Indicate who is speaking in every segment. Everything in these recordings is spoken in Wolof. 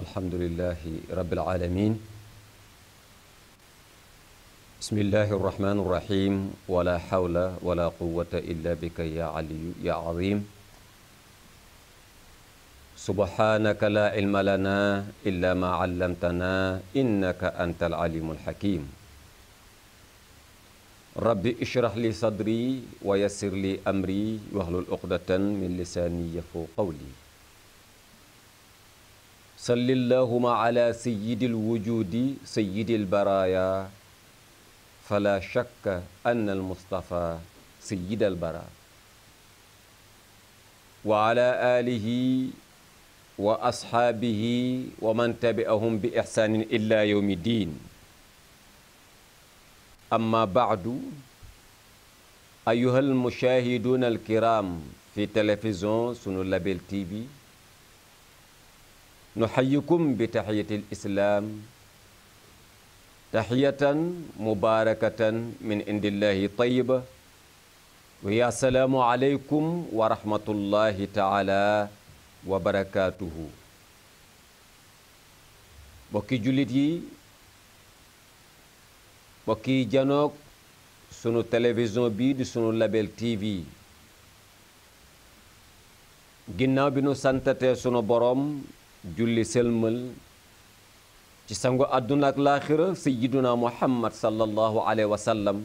Speaker 1: alhamdulilahi rabbil alamin bismillahi arrahmani irrahim wala hawla wala quwata illa bika ya aliyu ya azim subhanaka la ilma lana illa ma allamtana innaka anta alalimu alhakim rabbi ishrah li sadri wa yassir li amri wahlul uqdatan min lisani yafu qawli salli llahuma ala sayidil wujudi sayidil baraya fala shakka anna almustafa sayid albara wa ala alihi wa ashaabihi wa man tabi'ahum bi ihsaanin ila yawmi diin amma baadu ayuha almushaahiduuna alkiram fi télévision sunu label tv nuxayikum bi taxiyati lislaam taxiyatan mubaarakatan min indillahi tayiba wiya asalaamu aleykum wa rahmatullahi taala wa barakaatuhu bokki jullit yi bokki janoog sunu télévision bii di sunu label tv ginnaaw bi nu santatee sunu boroom julli sëlmal ci sangu àdduna ak laaxira sayyiduna muhammad sallallahu alayhi wa sallam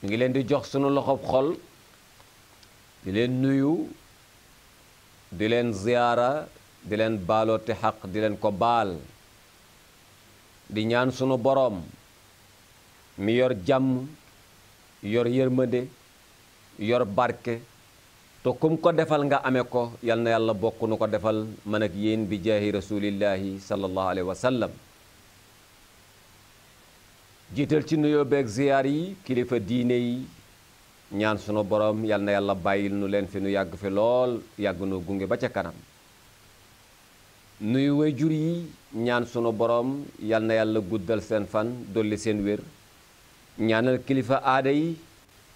Speaker 1: ñu ngi leen di jox sunu loxob xol di leen nuyu di leen ziyaara di leen baalooti xaq di leen ko baal di ñaan sunu boroom mi yor jàmm yor yërmande yor barke te kum ko defal nga ame ko yal na yàlla bokk nu ko defal man ak yéen bi jaahi rasulillahi sallallahu alayhi wa sallam jiital ci nuyoo beeg ziyaar yi kilifa diine yi ñaan sunu boroom yal na yàlla bàyyil nu leen fi nu yàgg fi lool yàgg gunge ba ca kanam nuyu waajur yi ñaan sunu boroom yal na yàlla guddal seen fan dolli seen wér ñaanal kilifa aada yi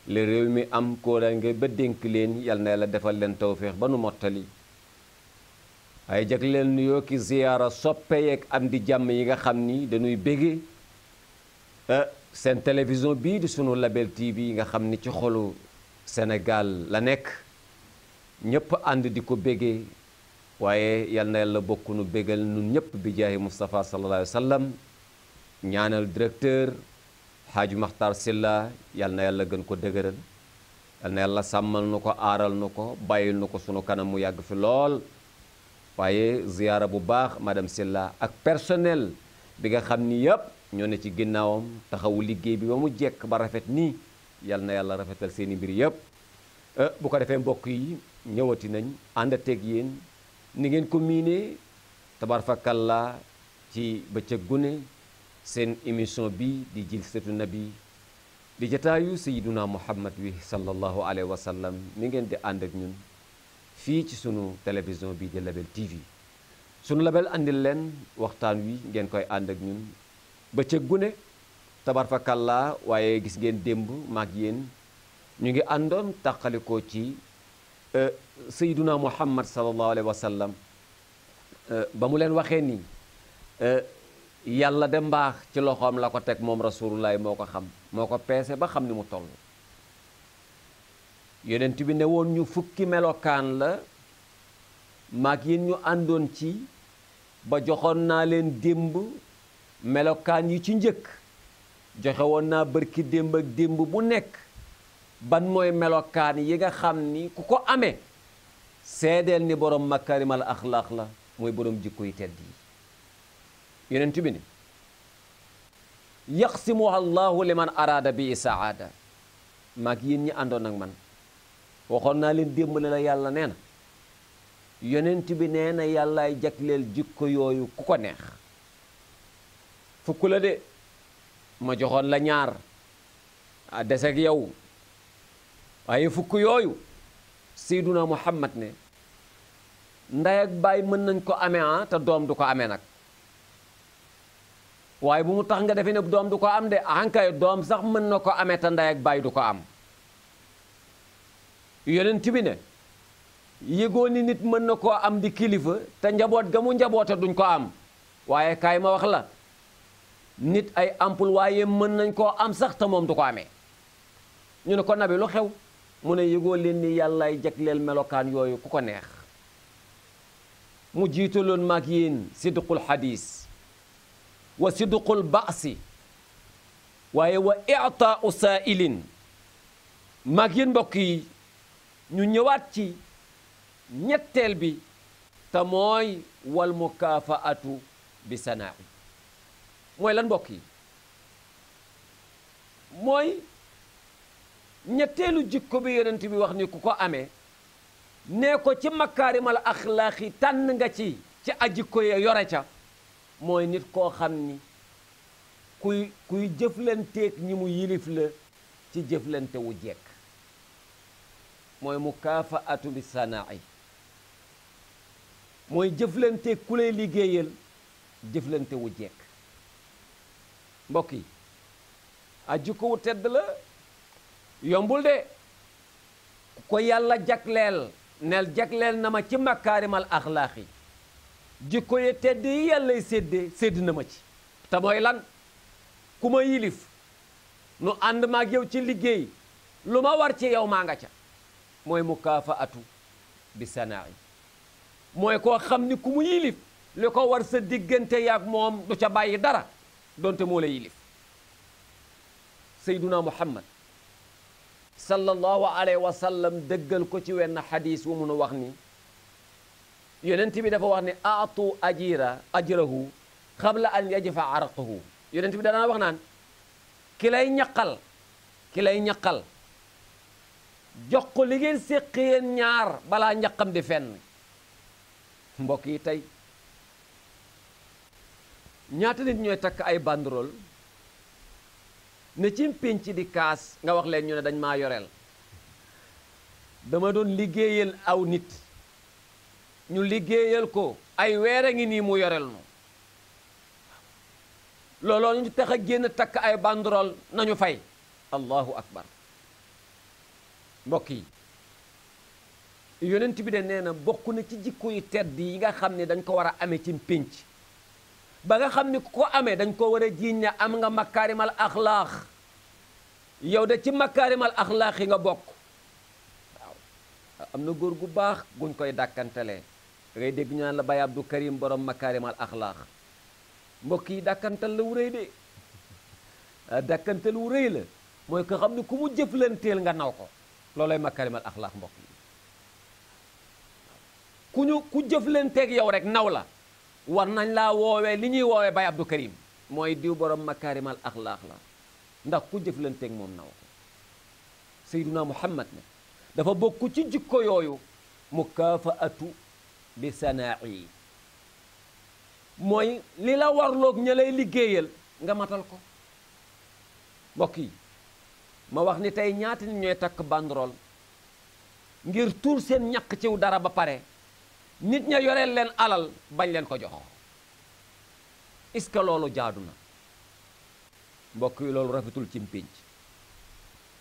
Speaker 1: li réew mi am nga ba dénk leen yal na la defal leen tawféex ba nu mottali waaye jag leen nuyoo ki ziyaara soppe yeeg am di jàmm yi nga xam ni dañuy bége eh, seen télévision bii di sunu Label TV nga xam ni ci xolu Sénégal la nekk ñëpp ànd di ko bége waaye yal na la bokk nu bégal nun ñëpp bi jaahi Moustapha sallallahu alayhi wa ñaanal directeur. xaaju maxtaar silla yal na yàlla gën ko dëgëral yal na yàlla sàmmal nu ko aaral nu ko bàyyil nu ko sunu kanam mu yàgg fi lool waaye ziyaara bu baax madame silla ak personnel bi nga xam ni yëpp ñoo ne ci ginnaawam taxawu liggéey bi ba mu jekk ba rafet nii yàlla na yàlla rafetal seeni mbir yëpp eh, bu ko defee mbokk yi ñëwati nañ ànd teeg yéen ni ngeen ko miinee la ci bëccëg gune seen émission bi di jilsatu nabi di jataayu sayiduna muhammad wi sallallahu alayhi wa sallam mi ngeen di ànd ak ñun fii ci sunu télévision bi di Label TV sunu Label andil leen waxtaan wi ngeen koy ànd ak ñun bëccëg gu ne tabarfakalla waaye gis ngeen démb maag yéen ñu ngi àndoon tàqalikoo ci euh, sayiduna muhammad sallallahu alayhi wa sallam euh, ba mu leen waxee nii euh, yàlla de mbaax ci loxoom la ko teg moom rasulullah moo ko xam moo ko peese ba xam ni mu toll yonent bi ne woon ñu fukki melokaan la mag yéen ñu àndoon ci ba joxoon naa leen démb melokaan yi ci njëkk joxe woon naa bërki démb ak démb bu nekk ban mooy melokaan yi nga xam ni ku ko ame seedeel ni borom makarimal axlaax la mooy borom jikko yi tedd yi yonent bi ni yaqsimuha allahu liman araada bi saada maag yéen ñi àndoon ak man waxoon naa leen démb la yàlla nee na yonent bi nee na yàllaay jagleel jikko yooyu ku ko neex fukk la de ma joxoon la ñaar a des yow waaye fukk yooyu seyduna muhammad ne ndey ak baay mën nañ ko amee ah te doom du ko amee nag waaye bu mu tax nga defee ne doom du ko am de ankay ah doom sax mën na ko amee te ndey ak baay du ko am yonent bi ne yëgoo ni nit mën na koo am di kilifa te njaboot gamu njaboote duñ ko am waaye kaay ma wax la nit ay ampul waaye mën nañ koo am sax te moom du ko amee ñu ne ko nabi lu xew mu ne yëgoo leen ni yàllaay leen melokaan yooyu ku ko neex mu jiitaloon maag yéen sidqul xadiis wa sidqul baasi waaye wa itaau saailin mag yéen mbokk yi ñu ñëwaat ci ñetteel bi te mooy wal mukaafaatu bi sanaa'i mooy lan mbokk yi mooy ñetteelu jikko bi yonent bi wax ni ku ko amee nee ko ci makaarimal axlaaqi tànn nga ci ci ajikko ya yore ca mooy nit koo xam ni kuy kuy jëflanteeg ñi mu yilif la ci jëflante wu jekk mooy mu kaafa bi sanaa'i mooy jëflanteeg ku lay liggéeyal jëflante wu jekk mbokk yi a jikko wu tedd la yombul de ko yàlla jagleel nel jagleel na ma ci makaarimal axlaaq jikko ye tedd yi yàllay séddee sédd na ma ci te lan ku ma yilif nu ànd maag yow ci liggéey lu ma war ci yow maa nga ca mooy mukaafa atu bi sanaa mooy koo xam ni ku mu yilif li ko war sa diggante yaag moom du ca bàyyi dara donte moo la yilif sayduna muhammad sallallahu alayhi wa sallam dëggal ko ci wenn xadis wu mun a wax nii yonent bi dafa wax ne aatu ajira ajrahu qabla an yajfa araqahu yonent bi danaa wax naan kilay lay kilay ki ñaqal jox ko li ngeen ñaar balaa ñaqam di fenn mbokk yi tey ñaata nit ñooy takk ay banderole ne ci di kaas nga wax leen ñu ne dañ maa yoreel dama doon liggéeyal aw nit ñu liggéeyal ko ay weer a ngi nii mu yorel nu looloo ñu tax a génn takk ay banderole nañu fay allahu akbar mbokk yi yonent bi de nee na bokk na ci jikko yu tedd yi nga xam ni dañ ko war a amee ci pénc ba nga xam ne ku ko amee dañ ko war a jiiñ ne am nga makaarimal axlaax yow de ci makaarimal axlaax yi nga bokk am na góor gu baax guñ koy dàkkantelee da ngay dégg ñaan naan la Baye Abdou Karim borom makaarimal axlaax mbokk yi dàkkantal la wu rëy de ah, dàkkantal wu rëy la mooy ko xam ne ku mu jëflanteel nga naw ko loolay makaarimal axlaax mbokk yi ku ñu ku jëflanteeg yow rek naw la war nañ laa woowee li ñuy woowee Baye Abdou Karim mooy diw borom makaarimal axlaax la ndax ku jëflanteeg moom naw ko Seyduna Muhammad ne dafa bokk ci jikko yooyu mu kaafaatu bi sanaa'i mooy li la warloog ña lay liggéeyal nga matal ko mbokk yi ma wax ni tey ñaata nit ñooy takk banderole ngir tuur seen ñàkk ciw dara ba pare nit ña yoreel leen alal bañ leen ko jox est-ce que loolu jaadu na mbokk yi loolu rafetul ci mpénc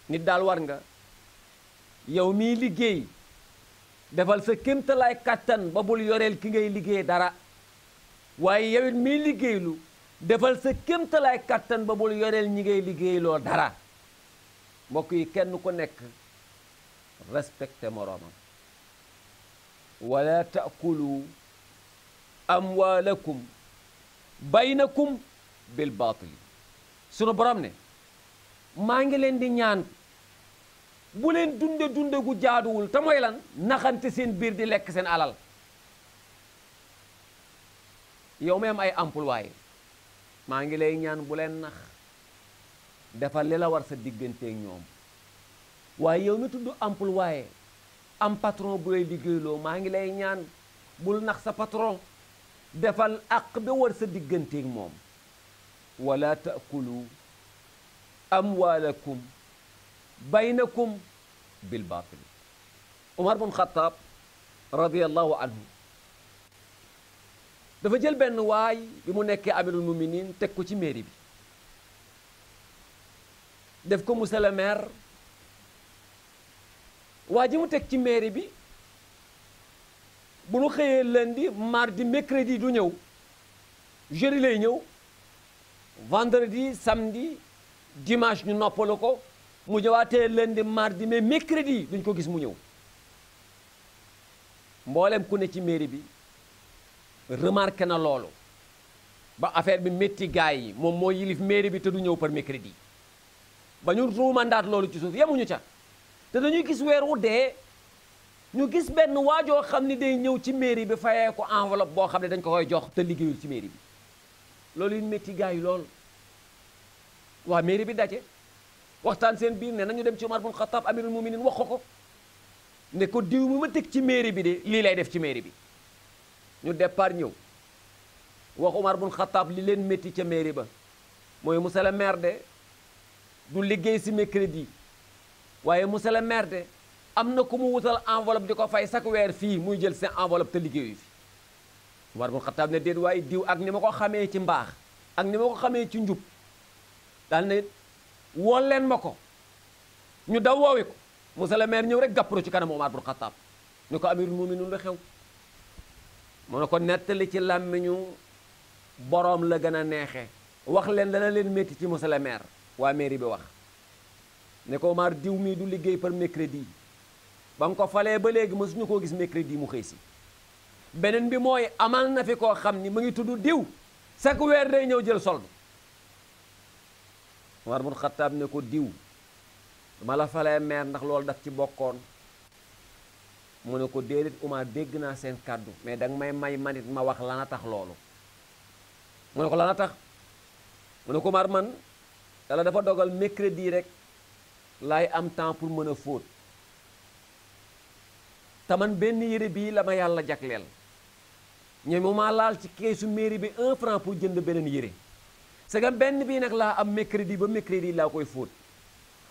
Speaker 1: nit daal war nga yow miy liggéey defal sa kémtalaay kàttan ba bul yoreel ki ngay liggéey dara waaye yow it liggéeylu defal sa kémtalaay kàttan ba bul yoreel ñi ngay liggéeyloo dara mbokk yi kenn ku nekk respecté moroomam wala taakulu amwaalakum baynakum bil yi sunu borom ne maa ngi leen di ñaan bu leen dunde dunde gu jaaduwul te mooy lan naxante seen biir di lekk seen alal yow même ay employé maa ngi lay ñaan bu leen nax defal li la war sa digganteeg ñoom waaye yow mi tudd employé am patron bu lay liggéeyloo maa ngi lay ñaan bul nax sa patron defal àq ba war sa digganteeg moom wala taakulu amwaalakum baynakum bil baatil Omar bun Xataab radiyallahu anhu dafa jël benn waay bi mu nekkee amirul muminin teg ko ci mairie bi def ko monsieur le waa ji mu teg ci mairie bi bu nu xëyee lundi mardi mercredi du ñëw jeudi lay ñëw vendredi samedi dimanche ñu noppalu ko mu ñëwaatee lundi mardi mais mercredi duñ ko gis mu ñëw mboolem ku ne ci mairie bi remarqué na loolu ba affaire bi métti gaay yi moom moo yilif mairie bi te du ñëw par mercredi ba ñu ruumandaat loolu ci suuf yemuñu ca te dañuy gis weer wu dee ñu gis benn waajoo xam ni day ñëw ci mairie bi fayee ko enveloppe boo xam ne dañ ko koy jox te liggéeyul ci mairie bi loolu it métti gaay yi loolu waa mairie bi daje waxtaan seen biir ne nañu dem ci Omar bun Xataab amirul muminin wax ko ko ne ko diw mi ma teg ci mairie bi de lii lay def ci mairie bi ñu départ ñëw wax Omar bun Xataab li leen métti ca mairie ba mooy monsieur le maire de du liggéey si mercredi waaye monsieur le maire de am na ku mu wutal enveloppe di ko fay chaque weer fii muy jël seen enveloppe te liggéeyu fi Omar bun Xataab ne déet waaye diw ak ni ma ko xamee ci mbaax ak ni ma ko xamee ci njub daal ne wool leen ma ko ñu daw woowi ko monsieur le ñëw rek gàppro ci kanam Omar bul Xataab ñu ko amirul muminin la xew mu ne ko nettali ci làmmiñu boroom la gën a neexe wax leen dana leen métti ci monsieur le maire waa mairie bi wax ne ko Omar diw mii du liggéey par mercredi ba nga ko falee ba léegi mësuñu koo gis mercredi mu xëy si beneen bi mooy amal na fi ko xam ni mu ngi tudd diw chaque weer day ñëw jël sol Umar bun Xattaab ne ko diw dama la falee meer ndax loolu daf ci bokkoon mu ne ko déedéet Umar dégg naa seen kàddu mais danga may may manit ma wax lan a tax loolu mu ne ko lana tax mu ne ko Umar man yàlla dafa dogal mercredi rek lay am temps pour mën a fóot te man benn yére bii la ma yàlla jagleel ñoom ma laal ci keesu mairie bi un franc pour jënd beneen yére segam benn bii nag laa am mercredi ba mercredi laa koy fóot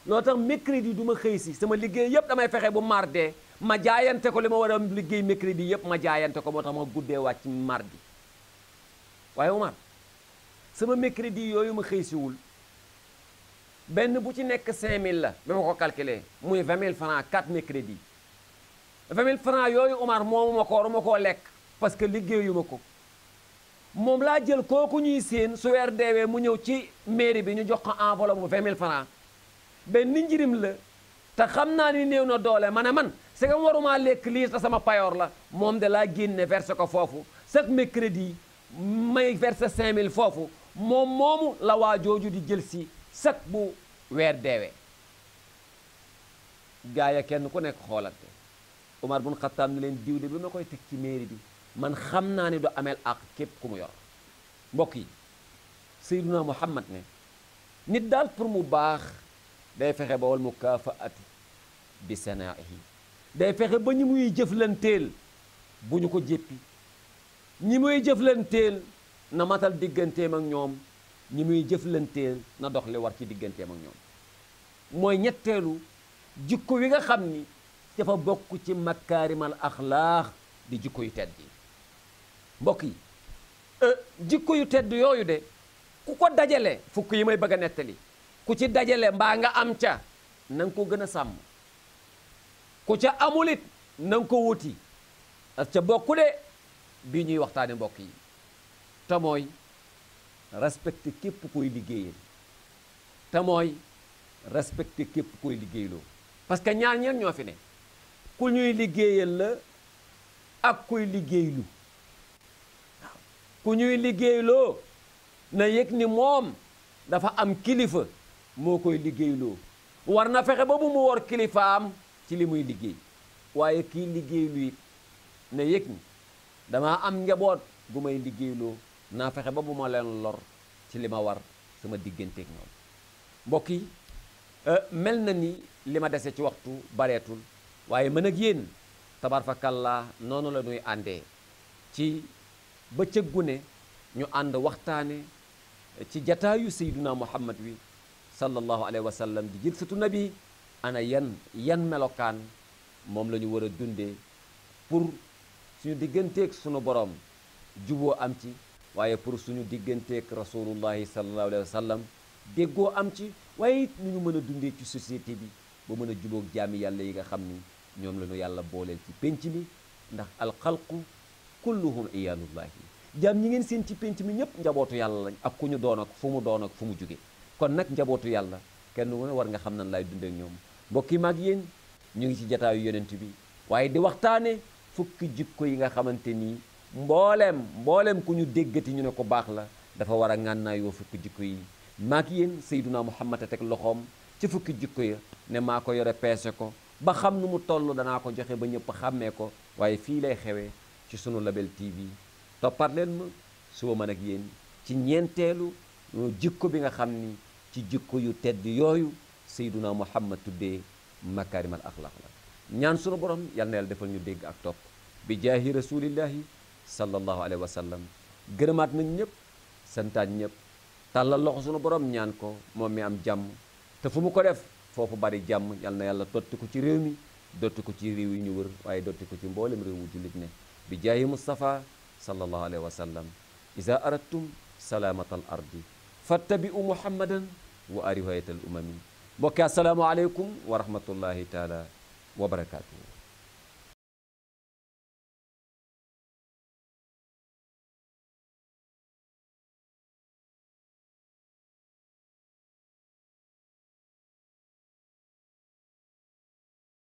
Speaker 1: loo tax mercredi du ma xëy si sama liggéey yépp damay fexe bu mardee ma jaayante ko li ma war a liggéey mercredi yépp ma jaayante ko moo tax ma guddee wàcc mardi waaye Omar sama mercredi yooyu ma xëy siwul benn bu ci nekk 5000 la ba ma ko calculé muy 20000 francs 4 mercredi 20000 francs yooyu Omar moomu ma ko waruma koo lekk parce que liggéeyuma ko moom laa jël kooku ñuy séen su weer deewee mu ñëw ci mairie bi ñu jox ko enveloppe bu 20 000 francs benn njirim la te xam naa ni néew na doole ma ne man c'est que waruma lekk lii te sama payoor la moom de laa génne verse ko foofu chaque mercredi may verse 5000 foofu moom moomu la waa jooju di jël si chaque bu weer deewee gaaya kenn ku nekk xoolante Omar bun Xattaab ni leen diwle bi ma koy teg ci mairie bi man xam naa ni du ameel ak képp ku mu yor mbokk yi sayyiduna muhammad ne nit daal pour mu baax day fexe ba wal mukaafaatu bi yi day fexe ba ñi muy jëflanteel bu ñu ko jéppi ñi muy jëflanteel na matal digganteem ak ñoom ñi muy jëflanteel na dox li war ci digganteem ak ñoom mooy ñetteelu jikko wi nga xam ni dafa bokk ci makaarimal axlaax di jikko yu tedd yi mbokk yi euh, jikko yu tedd yooyu de ku ko dajale fukk yi may bëgg a nettali ku ci dajale mbaa nga am ca na nga ko gën a sàmm ku ca amul it nga ko wuti ak ca bokku de bi ñuy waxtaane mbokk yi te mooy respecté képp koy liggéeyal te mooy respecté képp koy liggéeyloo parce que ñaar ñeen ñoo fi ne ku ñuy liggéeyal la ak kuy liggéeylu ku ñuy liggéeyloo na yëg ni moom dafa am kilifa moo koy liggéeyloo war na fexe ba bu mu wor kilifaam ci li muy liggéey waaye kii liggéeylu it na yëg ni damaa am njaboot bu may liggéeyloo naa fexe ba bu ma leen lor ci li ma war sama digganteeg ñoom mbokk yi euh, mel na ni li ma dese ci waxtu bareetul waaye mën ak yéen tabarfakallaa noonu la ñuy àndee ci ba cëggu ne ñu ànd waxtaane ci jataayu sayduna muhammad wi sallallahu alayhi wa sallam di jilsatu nabi ana yan yan melokaan moom lañu ñu war a dundee pour suñu digganteek sunu boroom juboo am ci waaye pour suñu digganteeg rasulullahi sallallahu alayhi wa déggoo am ci waaye it ñu mën a dundee ci société bi ba mën a jubóog jaami yàlla yi nga xam ni ñoom la yàlla booleel ci pénc mi ndax alxalqu kulluhum iyaalullahi jaam ñi ngeen seen ci pénc mi ñëpp njabootu yàlla lañ ak ku ñu doon ak fu mu doon ak fu mu jóge kon nag njabootu yàlla kenn wu ne war nga xam nan laay dundee ak ñoom mbokk yi maag yéen ñu ngi ci jataayu yonent bi waaye di waxtaane fukki jikko yi nga xamante nii mbooleem mbooleem ku ñu déggati ñu ne ko baax la dafa war a ngànnaayoo fukki jikko yi maag yéen sayduna muhammad a teg loxoom ci fukki jikko ya ne maa ko yore peese ko ba xam nu mu toll danaa ko joxe ba ñëpp xàmmee ko waaye fii lay xewee ci sunu label TV toppat leen ma suba man ak yéen ci ñeenteelu euh, jikko bi nga xam ni ci jikko yu tedd yooyu Seyduna Muhammad tuddee makaarimal axlaq la ñaan sunu borom yal na yàlla defal ñu dégg ak topp bi jaahi rasulillahi sallallahu alayhi wa sallam gërëmaat nañ ñëpp santaat ñëpp tàllal loxo sunu borom ñaan ko moom mi am jàmm te fu mu ko def foofu bari jàmm yal na yàlla dotti ko ci réew mi dotti ko ci réew yi ñu wër waaye dotti ko ci mboolem réew mu jullit ne bi jaayi Mustafa sallallahu alayhi wa sallam ida aradtum salaamata al ardi fattabi'u muhammadan wa riwaayat al umami mbokk assalaamu aleykum wa rahmatullahi taala wa barakaatuhu